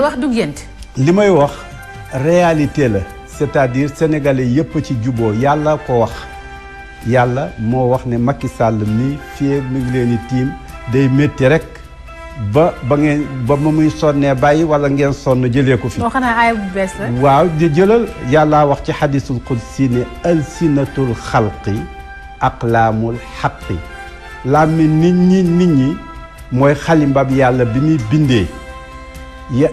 wax réalité la c'est-à-dire sénégalais y ci ko wax Yalla, mo wax ne Macky Sall ni fii mi ngi leen tim day rek ba ba ngeen ba muy sonné wala ngeen sonn ko fi. la. waaw di wax ci hadithul qudsi ne khalqi aqlamul la nit nit bi